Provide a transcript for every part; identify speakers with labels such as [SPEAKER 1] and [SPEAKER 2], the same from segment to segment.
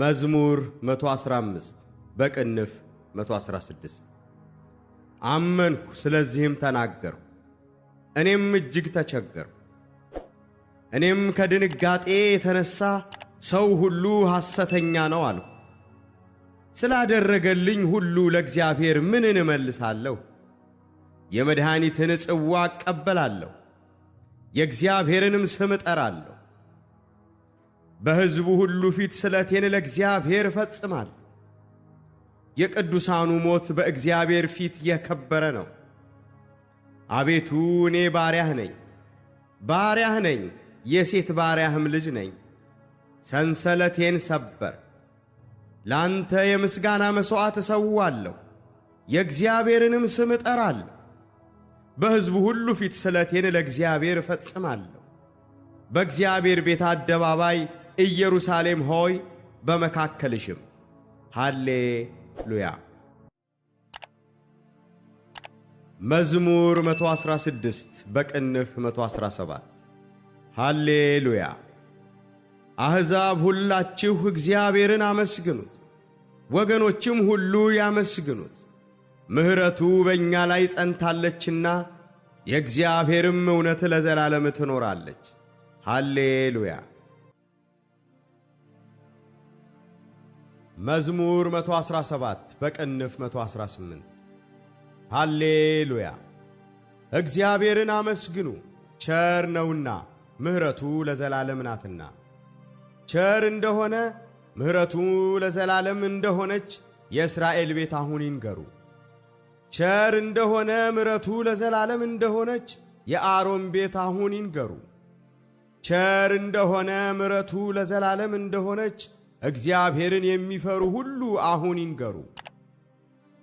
[SPEAKER 1] መዝሙር 115 በቅንፍ 116 አመንሁ፣ ስለዚህም ተናገርሁ፣ እኔም እጅግ ተቸገርሁ። እኔም ከድንጋጤ የተነሣ ሰው ሁሉ ሐሰተኛ ነው አልሁ። ስላደረገልኝ ሁሉ ለእግዚአብሔር ምንን እመልሳለሁ? የመድኃኒትን ጽዋ እቀበላለሁ፣ የእግዚአብሔርንም ስም እጠራለሁ። በሕዝቡ ሁሉ ፊት ስለቴን ለእግዚአብሔር እፈጽማል። የቅዱሳኑ ሞት በእግዚአብሔር ፊት የከበረ ነው። አቤቱ እኔ ባሪያህ ነኝ፣ ባሪያህ ነኝ፣ የሴት ባሪያህም ልጅ ነኝ። ሰንሰለቴን ሰበር። ላንተ የምስጋና መሥዋዕት እሰዋለሁ፣ የእግዚአብሔርንም ስም እጠራለሁ። በሕዝቡ ሁሉ ፊት ስለቴን ለእግዚአብሔር እፈጽማለሁ። በእግዚአብሔር ቤት አደባባይ ኢየሩሳሌም ሆይ በመካከልሽም። ሃሌ ሉያ መዝሙር 116 በቅንፍ 117 ሃሌ ሉያ አሕዛብ ሁላችሁ እግዚአብሔርን አመስግኑት፣ ወገኖችም ሁሉ ያመስግኑት። ምሕረቱ በእኛ ላይ ጸንታለችና የእግዚአብሔርም እውነት ለዘላለም ትኖራለች። ሃሌ ሉያ መዝሙር 117 በቅንፍ 118 ሃሌሉያ። እግዚአብሔርን አመስግኑ፣ ቸር ነውና ምሕረቱ ለዘላለም ናትና። ቸር እንደሆነ ምሕረቱ ለዘላለም እንደሆነች የእስራኤል ቤት አሁን ይንገሩ። ቸር እንደሆነ ምሕረቱ ለዘላለም እንደሆነች የአሮን ቤት አሁን ይንገሩ። ቸር እንደሆነ ምሕረቱ ለዘላለም እንደሆነች እግዚአብሔርን የሚፈሩ ሁሉ አሁን ይንገሩ።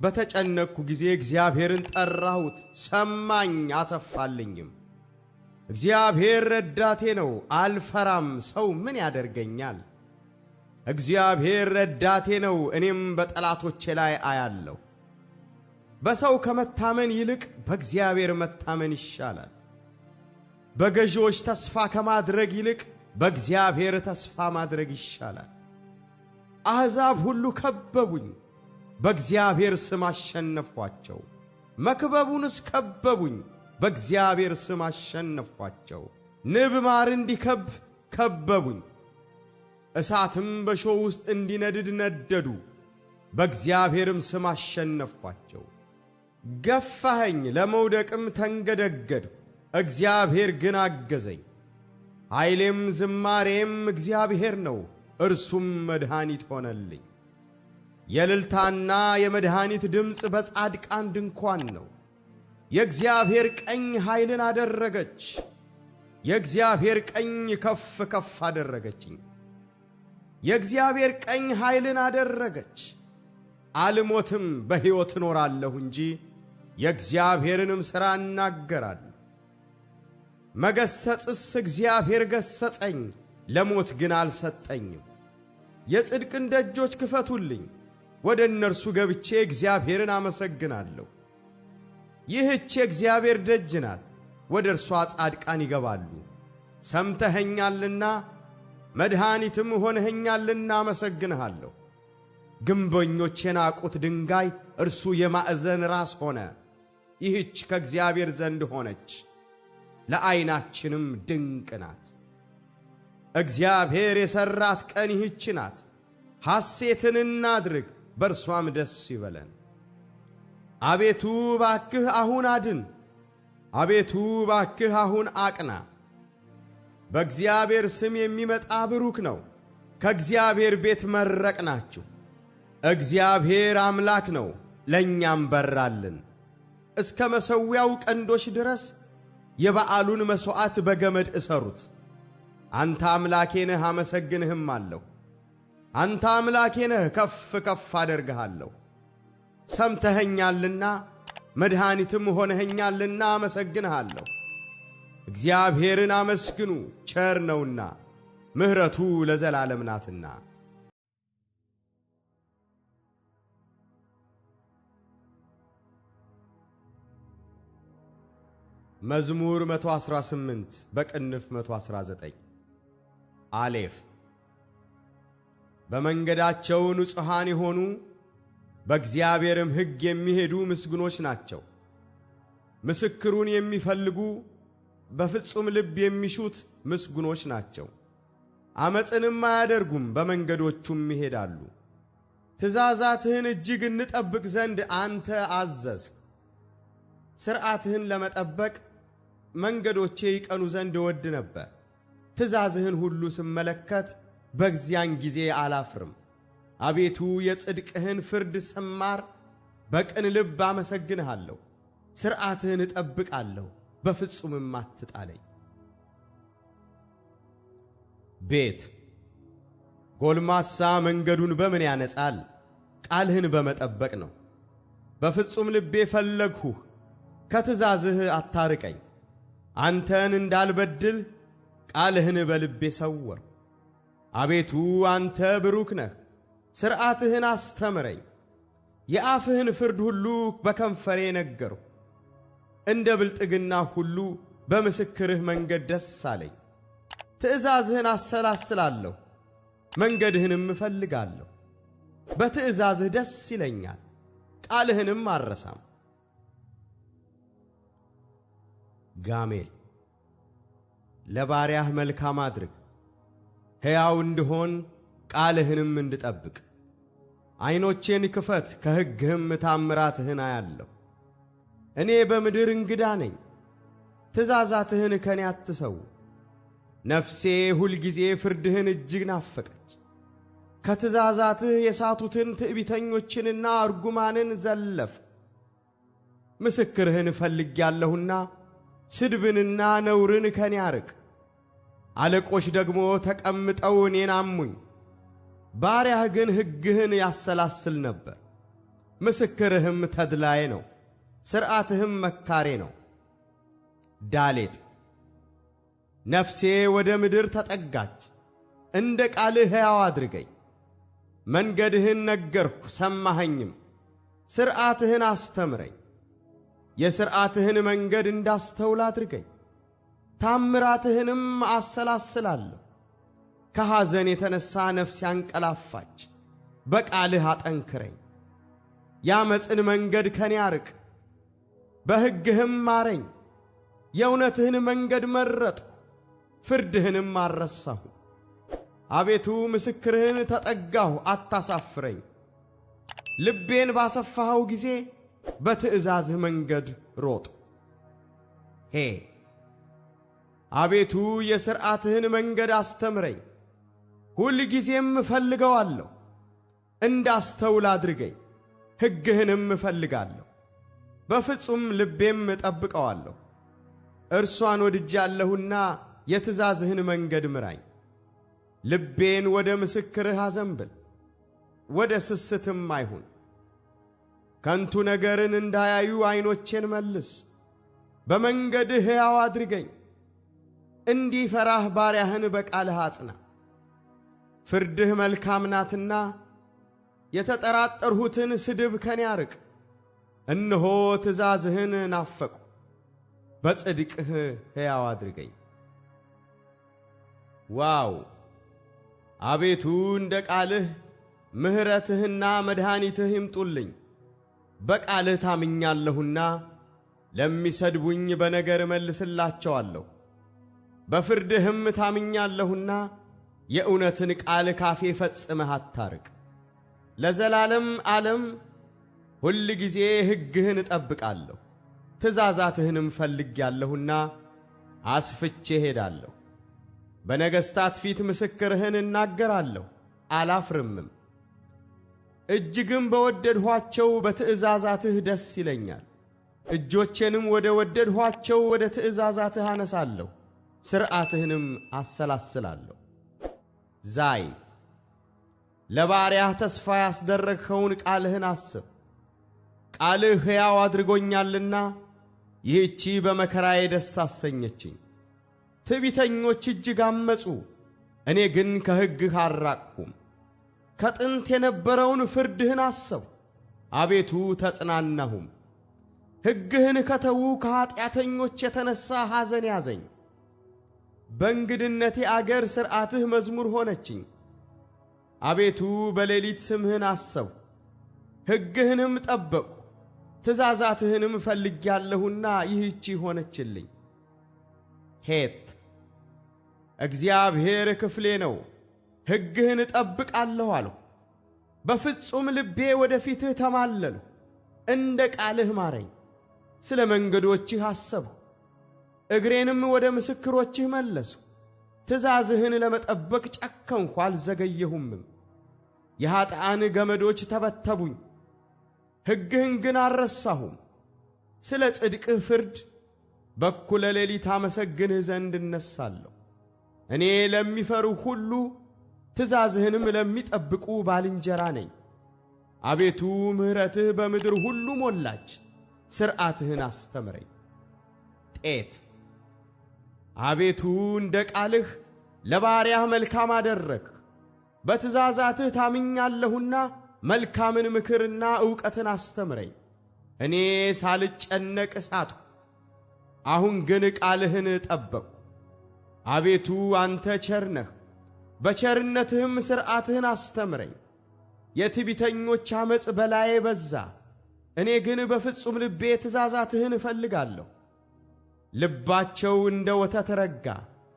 [SPEAKER 1] በተጨነቅኩ ጊዜ እግዚአብሔርን ጠራሁት፣ ሰማኝ አሰፋልኝም። እግዚአብሔር ረዳቴ ነው፣ አልፈራም፤ ሰው ምን ያደርገኛል? እግዚአብሔር ረዳቴ ነው፣ እኔም በጠላቶቼ ላይ አያለሁ። በሰው ከመታመን ይልቅ በእግዚአብሔር መታመን ይሻላል። በገዢዎች ተስፋ ከማድረግ ይልቅ በእግዚአብሔር ተስፋ ማድረግ ይሻላል። አሕዛብ ሁሉ ከበቡኝ፣ በእግዚአብሔር ስም አሸነፍኋቸው። መክበቡንስ ከበቡኝ፣ በእግዚአብሔር ስም አሸነፍኋቸው። ንብ ማር እንዲከብ ከበቡኝ፣ እሳትም በእሾህ ውስጥ እንዲነድድ ነደዱ፣ በእግዚአብሔርም ስም አሸነፍኋቸው። ገፋኸኝ፣ ለመውደቅም ተንገደገድሁ፣ እግዚአብሔር ግን አገዘኝ። ኃይሌም ዝማሬም እግዚአብሔር ነው። እርሱም መድኃኒት ሆነልኝ። የልልታና የመድኃኒት ድምፅ በጻድቃን ድንኳን ነው። የእግዚአብሔር ቀኝ ኃይልን አደረገች። የእግዚአብሔር ቀኝ ከፍ ከፍ አደረገችኝ። የእግዚአብሔር ቀኝ ኃይልን አደረገች። አልሞትም በሕይወት እኖራለሁ እንጂ የእግዚአብሔርንም ሥራ እናገራለሁ። መገሰጽስ እግዚአብሔር ገሰጸኝ ለሞት ግን አልሰጠኝም። የጽድቅን ደጆች ክፈቱልኝ፣ ወደ እነርሱ ገብቼ እግዚአብሔርን አመሰግናለሁ። ይህች የእግዚአብሔር ደጅ ናት፣ ወደ እርሷ ጻድቃን ይገባሉ። ሰምተኸኛልና መድኃኒትም ሆነኸኛልና አመሰግንሃለሁ። ግንበኞች የናቁት ድንጋይ እርሱ የማዕዘን ራስ ሆነ። ይህች ከእግዚአብሔር ዘንድ ሆነች፣ ለዐይናችንም ድንቅ ናት። እግዚአብሔር የሠራት ቀን ይህች ናት። ሐሴትን እናድርግ፣ በእርሷም ደስ ይበለን። አቤቱ ባክህ አሁን አድን፣ አቤቱ ባክህ አሁን አቅና። በእግዚአብሔር ስም የሚመጣ ብሩክ ነው። ከእግዚአብሔር ቤት መረቅ ናችሁ። እግዚአብሔር አምላክ ነው፣ ለእኛም በራልን። እስከ መሠዊያው ቀንዶች ድረስ የበዓሉን መሥዋዕት በገመድ እሰሩት። አንተ አምላኬ ነህ አመሰግንህም አለሁ። አንተ አምላኬ ነህ ከፍ ከፍ አደርግሃለሁ። ሰምተኸኛልና መድኃኒትም ሆነኸኛልና አመሰግንሃለሁ። እግዚአብሔርን አመስግኑ፣ ቸር ነውና ምሕረቱ ለዘላለም ናትና። መዝሙር 118 በቅንፍ 119 አሌፍ በመንገዳቸው ንጹሐን የሆኑ በእግዚአብሔርም ሕግ የሚሄዱ ምስጉኖች ናቸው። ምስክሩን የሚፈልጉ በፍጹም ልብ የሚሹት ምስጉኖች ናቸው። አመፅንም አያደርጉም፣ በመንገዶቹም ይሄዳሉ። ትእዛዛትህን እጅግ እንጠብቅ ዘንድ አንተ አዘዝህ። ሥርዓትህን ለመጠበቅ መንገዶቼ ይቀኑ ዘንድ እወድ ነበር። ትእዛዝህን ሁሉ ስመለከት በዚያን ጊዜ አላፍርም። አቤቱ የጽድቅህን ፍርድ ስማር በቅን ልብ አመሰግንሃለሁ። ሥርዓትህን እጠብቃለሁ፣ በፍጹምም አትጣለኝ። ቤት ጎልማሳ መንገዱን በምን ያነጻል? ቃልህን በመጠበቅ ነው። በፍጹም ልቤ ፈለግሁህ፣ ከትእዛዝህ አታርቀኝ። አንተን እንዳልበድል ቃልህን በልቤ ሰወር። አቤቱ አንተ ብሩክ ነህ፣ ሥርዓትህን አስተምረኝ። የአፍህን ፍርድ ሁሉ በከንፈሬ ነገሩ። እንደ ብልጥግና ሁሉ በምስክርህ መንገድ ደስ አለኝ። ትእዛዝህን አሰላስላለሁ፣ መንገድህንም እፈልጋለሁ። በትእዛዝህ ደስ ይለኛል፣ ቃልህንም አረሳም። ጋሜል ለባሪያህ መልካም አድርግ፤ ሕያው እንድሆን ቃልህንም እንድጠብቅ። ዐይኖቼን ክፈት፣ ከሕግህም ታምራትህን አያለሁ። እኔ በምድር እንግዳ ነኝ፤ ትእዛዛትህን ከኔ አትሰው። ነፍሴ ሁልጊዜ ፍርድህን እጅግ ናፈቀች። ከትእዛዛትህ የሳቱትን ትዕቢተኞችንና እርጉማንን ዘለፍ ምስክርህን ያለሁና! ስድብንና ነውርን ከኔ አርቅ። አለቆች ደግሞ ተቀምጠው እኔን አሙኝ። ባሪያህ ግን ሕግህን ያሰላስል ነበር። ምስክርህም ተድላዬ ነው፣ ሥርዓትህም መካሬ ነው። ዳሌጥ ነፍሴ ወደ ምድር ተጠጋች፣ እንደ ቃልህ ሕያው አድርገኝ። መንገድህን ነገርሁ ሰማኸኝም፣ ሥርዓትህን አስተምረኝ። የሥርዓትህን መንገድ እንዳስተውል አድርገኝ፣ ታምራትህንም አሰላስላለሁ። ከሐዘን የተነሣ ነፍስ ያንቀላፋች በቃልህ አጠንክረኝ። የአመፅን መንገድ ከኔ አርቅ፣ በሕግህም ማረኝ። የእውነትህን መንገድ መረጥሁ፣ ፍርድህንም አረሳሁ! አቤቱ ምስክርህን ተጠጋሁ፣ አታሳፍረኝ። ልቤን ባሰፋኸው ጊዜ በትእዛዝህ መንገድ ሮጥ። ሄ አቤቱ የሥርዓትህን መንገድ አስተምረኝ፣ ሁል ጊዜም እፈልገዋለሁ። እንዳስተውል አድርገኝ፣ ሕግህንም እፈልጋለሁ። በፍጹም ልቤም እጠብቀዋለሁ። እርሷን ወድጃለሁና የትእዛዝህን መንገድ ምራኝ። ልቤን ወደ ምስክርህ አዘንብል፣ ወደ ስስትም አይሁን። ከንቱ ነገርን እንዳያዩ ዐይኖቼን መልስ፣ በመንገድህ ሕያው አድርገኝ። እንዲፈራህ ባሪያህን በቃልህ አጽና። ፍርድህ መልካም ናትና የተጠራጠርሁትን ስድብ ከኔ አርቅ። እነሆ ትእዛዝህን ናፈቁ፣ በጽድቅህ ሕያው አድርገኝ። ዋው! አቤቱ እንደ ቃልህ ምሕረትህና መድኃኒትህ ይምጡልኝ። በቃልህ ታምኛለሁና ለሚሰድቡኝ በነገር እመልስላቸዋለሁ። በፍርድህም ታምኛለሁና የእውነትን ቃል ካፌ ፈጽመህ አታርቅ። ለዘላለም ዓለም ሁል ጊዜ ሕግህን እጠብቃለሁ። ትእዛዛትህንም ፈልጌአለሁና አስፍቼ ሄዳለሁ። በነገሥታት ፊት ምስክርህን እናገራለሁ፣ አላፍርምም። እጅግም በወደድኋቸው በትእዛዛትህ ደስ ይለኛል። እጆቼንም ወደ ወደድኋቸው ወደ ትእዛዛትህ አነሳለሁ፣ ሥርዓትህንም አሰላስላለሁ። ዛይ ለባሪያህ ተስፋ ያስደረግኸውን ቃልህን አስብ። ቃልህ ሕያው አድርጎኛልና ይህቺ በመከራዬ ደስ አሰኘችኝ። ትዕቢተኞች እጅግ አመፁ፣ እኔ ግን ከሕግህ አልራቅሁም። ከጥንት የነበረውን ፍርድህን አሰው! አቤቱ ተጽናናሁም። ሕግህን ከተዉ ከኀጢአተኞች የተነሣ ሐዘን ያዘኝ። በእንግድነቴ አገር ሥርዓትህ መዝሙር ሆነችኝ። አቤቱ በሌሊት ስምህን አሰው! ሕግህንም ጠበቅሁ። ትእዛዛትህንም ፈልጌአለሁና ይህች ሆነችልኝ። ሄት! እግዚአብሔር ክፍሌ ነው ሕግህን እጠብቃለሁ አለው። በፍጹም ልቤ ወደ ፊትህ ተማለሉ፣ እንደ ቃልህ ማረኝ። ስለ መንገዶችህ አሰብሁ፣ እግሬንም ወደ ምስክሮችህ መለሱ ትእዛዝህን ለመጠበቅ ጨከንሁ፣ አልዘገየሁምም። የኀጥአን ገመዶች ተበተቡኝ፣ ሕግህን ግን አልረሳሁም። ስለ ጽድቅህ ፍርድ በኩለ ሌሊት አመሰግንህ ዘንድ እነሳለሁ። እኔ ለሚፈሩ ሁሉ ትእዛዝህንም ለሚጠብቁ ባልንጀራ ነኝ። አቤቱ ምሕረትህ በምድር ሁሉ ሞላች፣ ሥርዓትህን አስተምረኝ። ጤት አቤቱ እንደ ቃልህ ለባሪያህ መልካም አደረግ። በትእዛዛትህ ታምኛለሁና መልካምን ምክርና ዕውቀትን አስተምረኝ። እኔ ሳልጨነቅ ሳቱ አሁን ግን ቃልህን ጠበቅሁ። አቤቱ አንተ ቸር ነህ በቸርነትህም ሥርዓትህን አስተምረኝ። የትቢተኞች ዓመፅ በላዬ በዛ፣ እኔ ግን በፍጹም ልቤ ትእዛዛትህን እፈልጋለሁ። ልባቸው እንደ ወተት ረጋ፣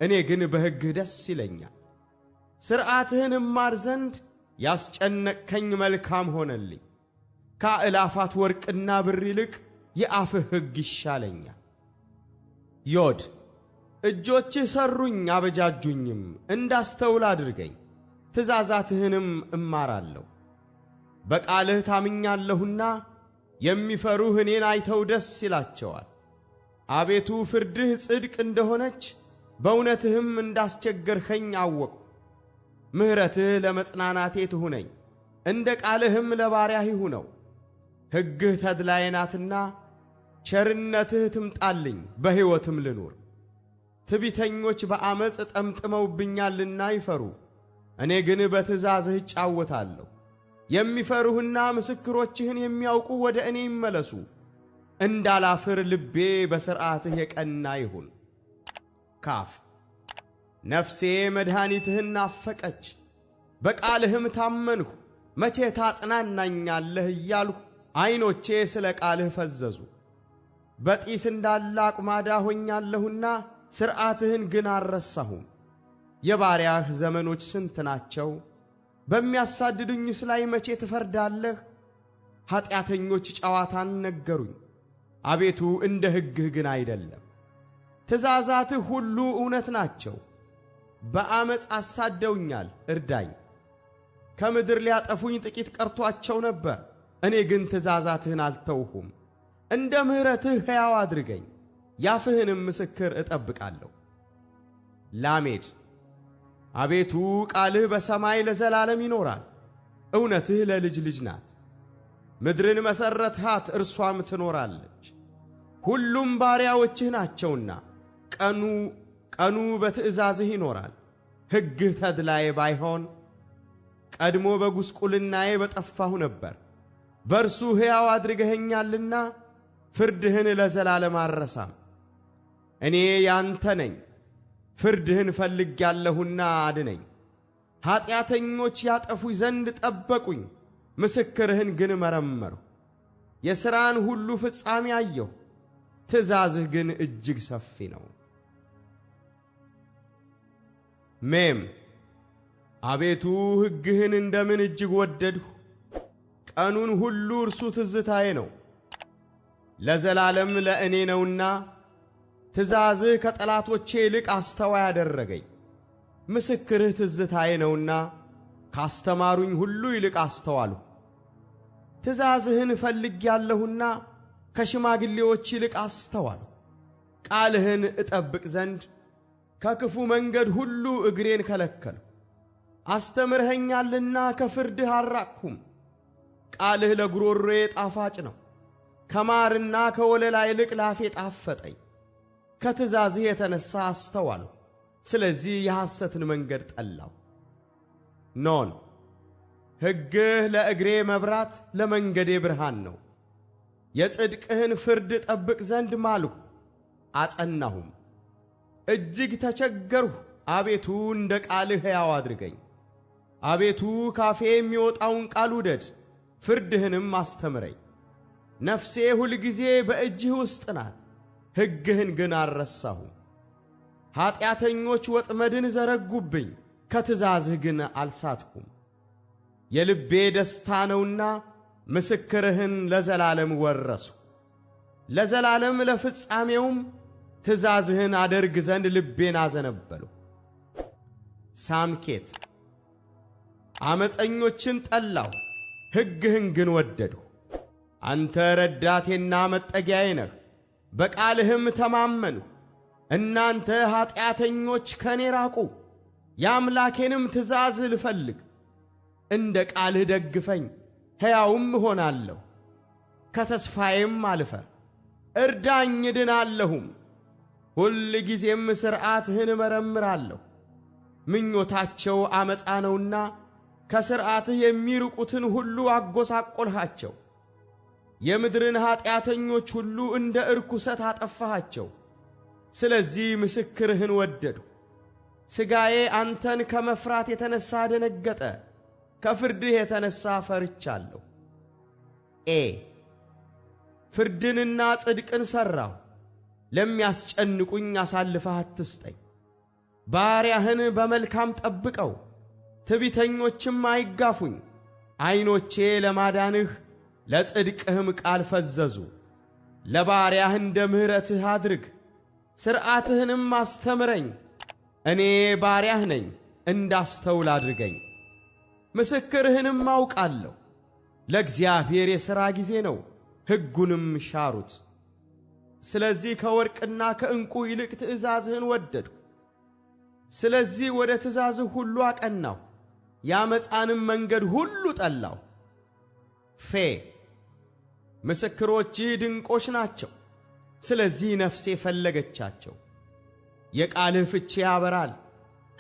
[SPEAKER 1] እኔ ግን በሕግህ ደስ ይለኛል። ሥርዓትህን እማር ዘንድ ያስጨነቅከኝ መልካም ሆነልኝ። ከአእላፋት ወርቅና ብር ይልቅ የአፍህ ሕግ ይሻለኛል። ዮድ እጆችህ ሰሩኝ አበጃጁኝም፣ እንዳስተውል አድርገኝ፣ ትእዛዛትህንም እማራለሁ። በቃልህ ታምኛለሁና የሚፈሩህ እኔን አይተው ደስ ይላቸዋል። አቤቱ ፍርድህ ጽድቅ እንደሆነች በእውነትህም እንዳስቸገርኸኝ አወቁ። ምሕረትህ ለመጽናናቴ ትሁነኝ፣ እንደ ቃልህም ለባሪያህ ይሁነው። ሕግህ ተድላዬ ናትና ቸርነትህ ትምጣልኝ፣ በሕይወትም ልኑር። ትቢተኞች በአመፅ ጠምጥመውብኛልና ይፈሩ፣ እኔ ግን በትእዛዝህ እጫወታለሁ። የሚፈሩህና ምስክሮችህን የሚያውቁ ወደ እኔ ይመለሱ። እንዳላፍር ልቤ በሥርዓትህ የቀና ይሁን። ካፍ ነፍሴ መድኃኒትህን ናፈቀች፣ በቃልህም ታመንሁ። መቼ ታጽናናኛለህ እያልሁ ዐይኖቼ ስለ ቃልህ ፈዘዙ። በጢስ እንዳለ አቁማዳ ሆኛለሁና ሥርዓትህን ግን አልረሳሁም። የባሪያህ ዘመኖች ስንት ናቸው? በሚያሳድዱኝስ ላይ መቼ ትፈርዳለህ? ኀጢአተኞች ጨዋታን ነገሩኝ፣ አቤቱ እንደ ሕግህ ግን አይደለም። ትእዛዛትህ ሁሉ እውነት ናቸው። በአመፅ አሳደውኛል፣ እርዳኝ። ከምድር ሊያጠፉኝ ጥቂት ቀርቶአቸው ነበር፣ እኔ ግን ትእዛዛትህን አልተውሁም። እንደ ምሕረትህ ሕያው አድርገኝ። ያፍህንም ምስክር እጠብቃለሁ። ላሜድ አቤቱ ቃልህ በሰማይ ለዘላለም ይኖራል፣ እውነትህ ለልጅ ልጅ ናት። ምድርን መሠረትሃት፣ እርሷም ትኖራለች። ሁሉም ባሪያዎችህ ናቸውና ቀኑ ቀኑ በትእዛዝህ ይኖራል። ሕግህ ተድላዬ ባይሆን ቀድሞ በጉስቁልናዬ በጠፋሁ ነበር። በእርሱ ሕያው አድርገኸኛልና ፍርድህን ለዘላለም አረሳም። እኔ ያንተ ነኝ፣ ፍርድህን ያለሁና አድነኝ። ኀጢአተኞች ያጠፉኝ ዘንድ ጠበቁኝ፣ ምስክርህን ግን መረመርሁ። የሥራን ሁሉ ፍጻሜ አየሁ፣ ትእዛዝህ ግን እጅግ ሰፊ ነው። ሜም አቤቱ ሕግህን እንደምን እጅግ ወደድሁ! ቀኑን ሁሉ እርሱ ትዝታዬ ነው። ለዘላለም ለእኔ ነውና ትእዛዝህ ከጠላቶቼ ይልቅ አስተዋይ አደረገኝ። ምስክርህ ትዝታዬ ነውና ካስተማሩኝ ሁሉ ይልቅ አስተዋልሁ። ትእዛዝህን ያለሁና ከሽማግሌዎች ይልቅ አስተዋልሁ። ቃልህን እጠብቅ ዘንድ ከክፉ መንገድ ሁሉ እግሬን ከለከልሁ። አስተምርኸኛልና ከፍርድህ አራቅሁም። ቃልህ ለጉሮሮዬ ጣፋጭ ነው፣ ከማርና ከወለላ ይልቅ ላፌ ጣፈጠኝ። ከትእዛዝህ የተነሳ አስተዋልሁ፣ ስለዚህ የሐሰትን መንገድ ጠላው። ኖን ሕግህ ለእግሬ መብራት ለመንገዴ ብርሃን ነው። የጽድቅህን ፍርድ ጠብቅ ዘንድ ማልሁ፣ አጸናሁም። እጅግ ተቸገርሁ፣ አቤቱ እንደ ቃልህ ሕያው አድርገኝ። አቤቱ ካፌ የሚወጣውን ቃል ውደድ፣ ፍርድህንም አስተምረኝ። ነፍሴ ሁልጊዜ በእጅህ ውስጥ ናት። ሕግህን ግን አልረሳሁም። ኀጢአተኞች ወጥመድን ዘረጉብኝ፣ ከትእዛዝህ ግን አልሳትኩም። የልቤ ደስታ ነውና ምስክርህን ለዘላለም ወረስሁ። ለዘላለም ለፍጻሜውም ትእዛዝህን አደርግ ዘንድ ልቤን አዘነበሉ። ሳምኬት አመፀኞችን ጠላሁ፣ ሕግህን ግን ወደድሁ። አንተ ረዳቴና መጠጊያዬ ነህ። በቃልህም ተማመንሁ። እናንተ ኀጢአተኞች ከኔ ራቁ፣ የአምላኬንም ትእዛዝ ልፈልግ። እንደ ቃልህ ደግፈኝ፣ ሕያውም እሆናለሁ፣ ከተስፋዬም አልፈር። እርዳኝ እድናለሁም። ሁል ጊዜም ሥርዓትህን እመረምራለሁ። ምኞታቸው አመፃ ነውና ከሥርዓትህ የሚርቁትን ሁሉ አጐሳቈልሃቸው። የምድርን ኀጢአተኞች ሁሉ እንደ እርኩሰት አጠፋሃቸው። ስለዚህ ምስክርህን ወደዱ! ሥጋዬ አንተን ከመፍራት የተነሣ ደነገጠ፣ ከፍርድህ የተነሣ ፈርቻለሁ። ኤ ፍርድንና ጽድቅን ሠራሁ፣ ለሚያስጨንቁኝ አሳልፈህ አትስጠኝ። ባሪያህን በመልካም ጠብቀው፣ ትቢተኞችም አይጋፉኝ። ዐይኖቼ ለማዳንህ ለጽድቅህም ቃል ፈዘዙ። ለባሪያህ እንደ ምሕረትህ አድርግ፣ ሥርዓትህንም አስተምረኝ። እኔ ባሪያህ ነኝ፣ እንዳስተውል አድርገኝ። ምስክርህንም አውቃለሁ። ለእግዚአብሔር የሥራ ጊዜ ነው፣ ሕጉንም ሻሩት። ስለዚህ ከወርቅና ከዕንቁ ይልቅ ትእዛዝህን ወደድሁ። ስለዚህ ወደ ትእዛዝህ ሁሉ አቀናሁ፣ የአመፃንም መንገድ ሁሉ ጠላሁ። ፌ ምስክሮች ድንቆች ናቸው። ስለዚህ ነፍሴ ፈለገቻቸው። የቃልህ ፍቺ ያበራል፣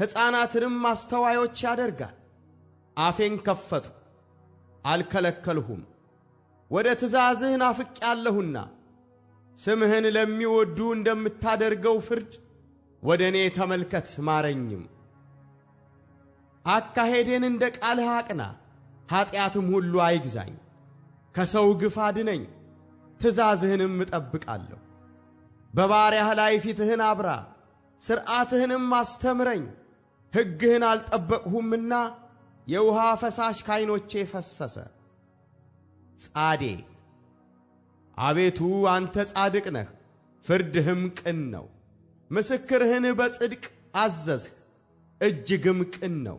[SPEAKER 1] ሕፃናትንም አስተዋዮች ያደርጋል። አፌን ከፈቱ አልከለከልሁም፣ ወደ ትእዛዝህ ናፍቄአለሁና። ስምህን ለሚወዱ እንደምታደርገው ፍርድ ወደ እኔ ተመልከት ማረኝም። አካሄዴን እንደ ቃልህ አቅና፣ ኀጢአትም ሁሉ አይግዛኝ። ከሰው ግፍ አድነኝ፣ ትእዛዝህንም እጠብቃለሁ። በባሪያህ ላይ ፊትህን አብራ፣ ሥርዓትህንም አስተምረኝ። ሕግህን አልጠበቅሁምና የውሃ ፈሳሽ ካይኖቼ ፈሰሰ። ጻዴ አቤቱ አንተ ጻድቅ ነህ፣ ፍርድህም ቅን ነው። ምስክርህን በጽድቅ አዘዝህ፣ እጅግም ቅን ነው።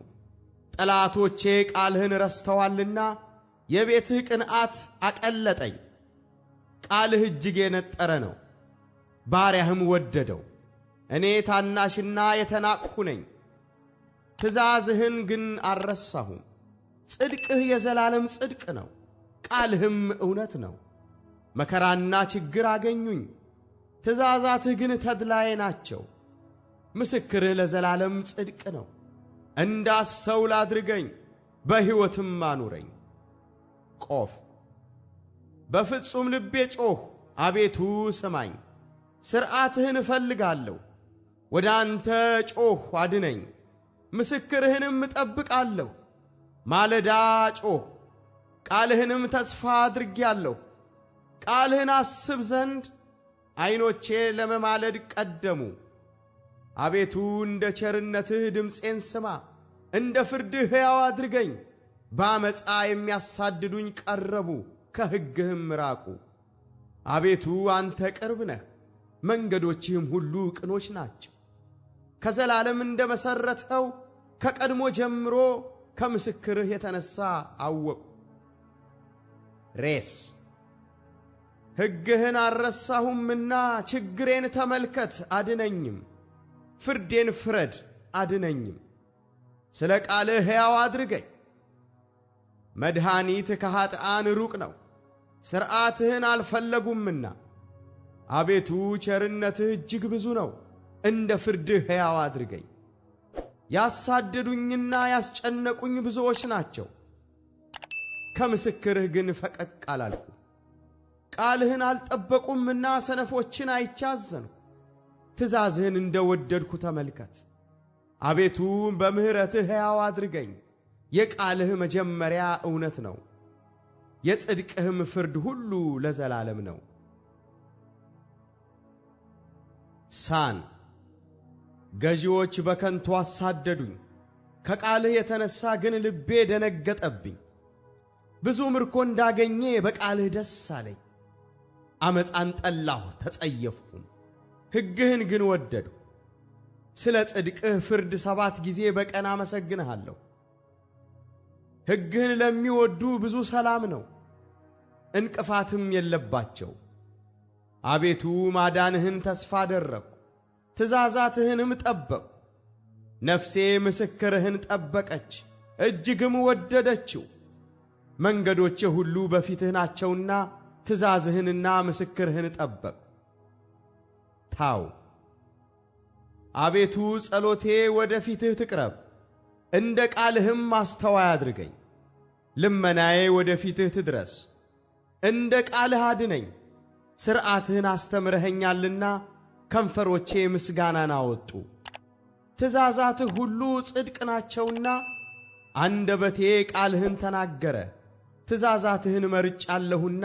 [SPEAKER 1] ጠላቶቼ ቃልህን ረስተዋልና የቤትህ ቅንዓት አቀለጠኝ። ቃልህ እጅግ የነጠረ ነው፣ ባሪያህም ወደደው። እኔ ታናሽና የተናቅሁ ነኝ፣ ትእዛዝህን ግን አልረሳሁም። ጽድቅህ የዘላለም ጽድቅ ነው፣ ቃልህም እውነት ነው። መከራና ችግር አገኙኝ፣ ትእዛዛትህ ግን ተድላዬ ናቸው። ምስክርህ ለዘላለም ጽድቅ ነው። እንዳስተውል አድርገኝ፣ በሕይወትም አኑረኝ። ቆፍ በፍጹም ልቤ ጮኽ፣ አቤቱ ስማኝ። ሥርዓትህን እፈልጋለሁ፣ ወደ አንተ ጮኽ አድነኝ፣ ምስክርህንም እጠብቃለሁ። ማለዳ ጮኽ፣ ቃልህንም ተስፋ አድርጌአለሁ። ቃልህን አስብ ዘንድ ዐይኖቼ ለመማለድ ቀደሙ። አቤቱ እንደ ቸርነትህ ድምፄን ስማ፣ እንደ ፍርድህ ሕያው አድርገኝ። በአመፃ የሚያሳድዱኝ ቀረቡ፣ ከሕግህም ራቁ። አቤቱ አንተ ቅርብ ነህ፣ መንገዶችህም ሁሉ ቅኖች ናቸው። ከዘላለም እንደ መሠረትኸው ከቀድሞ ጀምሮ ከምስክርህ የተነሣ አወቁ። ሬስ ሕግህን አልረሳሁምና ችግሬን ተመልከት አድነኝም። ፍርዴን ፍረድ አድነኝም። ስለ ቃልህ ሕያው አድርገኝ መድኃኒት ከኀጥኣን ሩቅ ነው፣ ሥርዓትህን አልፈለጉምና። አቤቱ ቸርነትህ እጅግ ብዙ ነው፣ እንደ ፍርድህ ሕያው አድርገኝ። ያሳደዱኝና ያስጨነቁኝ ብዙዎች ናቸው፣ ከምስክርህ ግን ፈቀቅ አላልኩ። ቃልህን አልጠበቁምና ሰነፎችን አይቻዘኑ! ትእዛዝህን እንደ ወደድኩ ተመልከት። አቤቱ በምሕረትህ ሕያው አድርገኝ። የቃልህ መጀመሪያ እውነት ነው፣ የጽድቅህም ፍርድ ሁሉ ለዘላለም ነው። ሳን ገዢዎች በከንቱ አሳደዱኝ፣ ከቃልህ የተነሳ ግን ልቤ ደነገጠብኝ። ብዙ ምርኮ እንዳገኘ በቃልህ ደስ አለኝ። አመፃን ጠላሁ ተጸየፍኩም፣ ሕግህን ግን ወደድሁ። ስለ ጽድቅህ ፍርድ ሰባት ጊዜ በቀን አመሰግንሃለሁ። ሕግህን ለሚወዱ ብዙ ሰላም ነው፣ እንቅፋትም የለባቸው። አቤቱ ማዳንህን ተስፋ አደረግሁ፣ ትእዛዛትህንም ጠበቅሁ። ነፍሴ ምስክርህን ጠበቀች፣ እጅግም ወደደችው። መንገዶቼ ሁሉ በፊትህ ናቸውና ትእዛዝህንና ምስክርህን ጠበቅሁ። ታው አቤቱ ጸሎቴ ወደ ፊትህ ትቅረብ። እንደ ቃልህም አስተዋይ አድርገኝ። ልመናዬ ወደ ፊትህ ትድረስ፣ እንደ ቃልህ አድነኝ። ሥርዓትህን አስተምረኸኛልና ከንፈሮቼ ምስጋናን አወጡ። ትእዛዛትህ ሁሉ ጽድቅ ናቸውና አንደበቴ ቃልህን ተናገረ። ትእዛዛትህን መርጫለሁና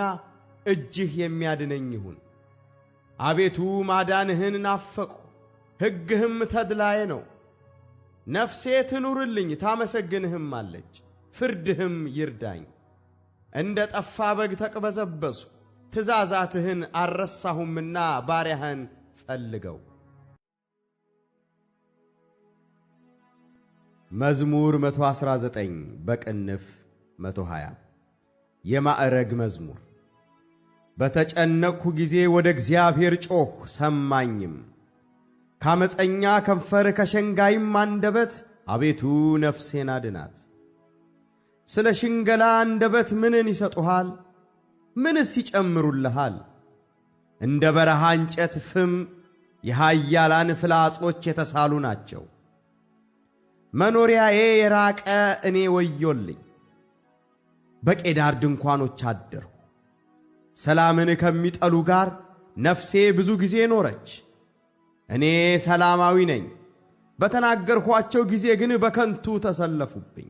[SPEAKER 1] እጅህ የሚያድነኝ ይሁን። አቤቱ ማዳንህን ናፈቅሁ፣ ሕግህም ተድላዬ ነው። ነፍሴ ትኑርልኝ ታመሰግንህም አለች። ፍርድህም ይርዳኝ። እንደ ጠፋ በግ ተቅበዘበዝሁ፣ ትእዛዛትህን አልረሳሁምና ባሪያህን ፈልገው። መዝሙር 119 በቅንፍ 120 የማዕረግ መዝሙር። በተጨነቅሁ ጊዜ ወደ እግዚአብሔር ጮህ ሰማኝም። ከአመፀኛ ከንፈር ከሸንጋይም አንደበት አቤቱ ነፍሴን አድናት። ስለ ሽንገላ አንደበት ምንን ይሰጡሃል? ምንስ ይጨምሩልሃል? እንደ በረሃ እንጨት ፍም የሃያላን ፍላጾች የተሳሉ ናቸው። መኖሪያዬ የራቀ እኔ ወዮልኝ፣ በቄዳር ድንኳኖች አደርሁ። ሰላምን ከሚጠሉ ጋር ነፍሴ ብዙ ጊዜ ኖረች። እኔ ሰላማዊ ነኝ፣ በተናገርኋቸው ጊዜ ግን በከንቱ ተሰለፉብኝ።